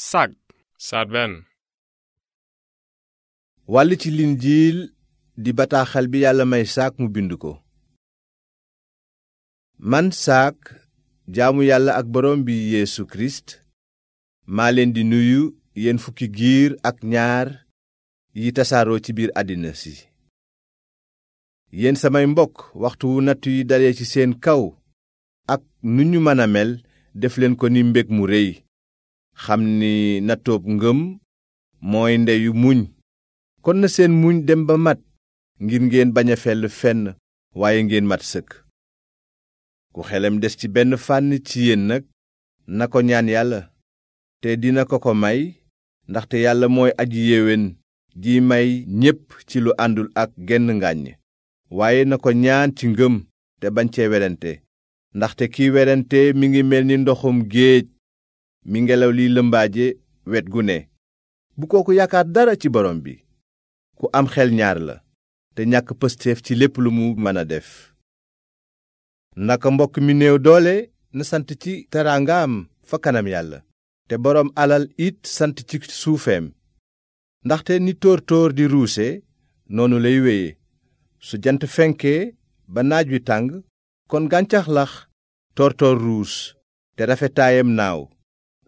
sag saat benn wàll ci linjiil di bataaxal bi yàlla may saak mu bind ko man saak jaamu yàlla ak boroom bi yeesu kirist maa leen di nuyu yéen fukki giir ak ñaar yi tasaaroo ci biir àddina si yéen samay mbokk waxtu wu nattu yi dalee ci seen kaw ak nu ñu mën a mel def leen ko ni mbég mu rëy xam ni nattoob ngëm mooy ndeyu muñ kon na seen muñ dem ba mat ngir ngeen bañ a fell fenn waaye ngeen mat sëkk ku xelam des ci benn fànn ci yéen nag na ko ñaan yàlla te dina ko ko may ndaxte yàlla mooy aji yéwén ji may ñépp ci lu àndul ak genn ngàññ waaye na ko ñaan ci ngëm te bañ cee werante ndaxte kiy werante mi ngi mel ni ndoxum géej mi ngelaw lii lëmbaaje wet gu ne bu kooku yaakaar dara ci borom bi ku am xel ñaar la te ñàkk pësteef ci lépp lu mu mën a def naka mbokk mi néew doole na sant ci teraangaam fa kanam yàlla te boroom alal it sant ci suufeem ndaxte ni tóor tóor di ruuse noonu lay wéye su jant fenkee ba naaj wi tàng kon gàncax lax tóor ruus te rafetaayam naaw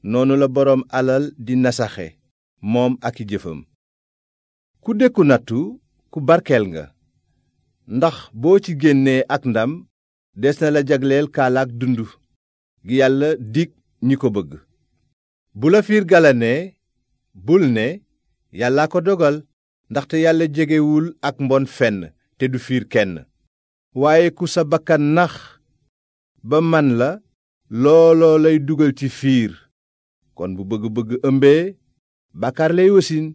noonu la boroom alal di nasaxe moom ak jëfam ku dékku nattu ku barkeel nga ndax boo ci génnee ak ndam des na la jagleel kaalaak dund gi yàlla dig ñi ko bëgg bu la fiir galanee bul ne yàllaa ko dogal ndaxte yàlla jegewul ak mbon fenn te du fiir kenn waaye ku sa bakkan nax ba man la looloo lay dugal ci fiir kon bu bëgg-bëgg ëmbee bàkkaar lay wasin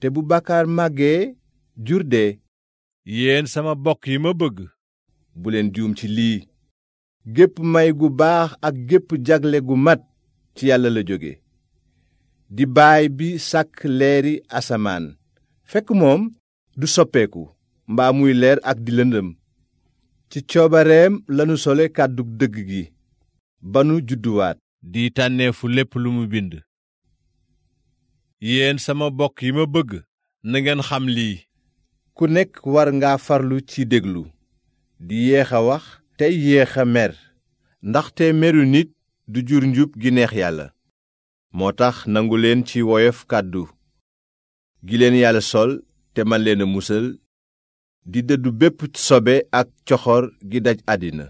te bu bàkkaar màggee jur dee yéen sama bokk yi ma bëgg bu leen juum ci lii gépp may gu baax ak gépp jagle gu mat ci yàlla la jóge di baay bi sàkk leeri asamaan fekk moom du soppeeku mbaa muy leer ak di lëndëm ci coobareem lanu sole kàddu dëgg gi ba nu judduwaat di tànneefu lépp lu mu bind yéen sama bokk yi ma bëgg nangeen xam lii ku nekk war nga farlu ci déglu di yéex a wax tey yéex a mer ndaxte meru nit du jur njub gi neex yàlla moo tax nangu leen ci woyof kàddu gi leen yàlla sol te man leen a musal di dëddu bépp sobe ak coxor gi daj àddina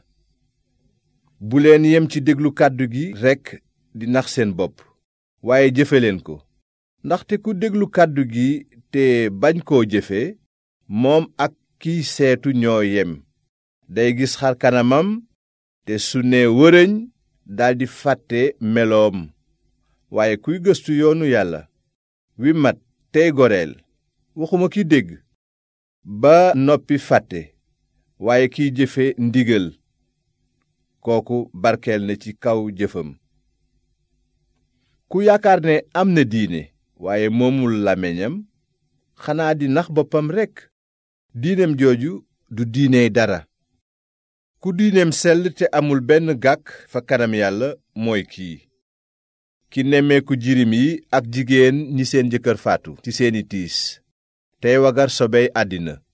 bu leen yem ci déglu kàddu gi rekk di nax seen bopp waaye jëfe leen ko ndaxte ku déglu kàddu gi te bañ koo jëfe moom ak kiy seetu ñoo yem day gis xar kanamam te su ne wërëñ daldi fàtte meloom waaye kuy gëstu yoonu yàlla wi mat tey goreel waxuma ki dégg ba noppi fàtte waaye kiy jëfe ndigal kooku barkeel na ci kaw jëfam ku yaakaar ne am na diine waaye moomul làmmiñam xanaa di nax boppam rekk diineem jooju du diiney dara ku diineem sell te amul benn gàkk fa kanam yàlla mooy kii ki nemmeeku jirim yi ak jigéen ñi seen jëkkër faatu ci seeni tiis tey wagar sobey àddina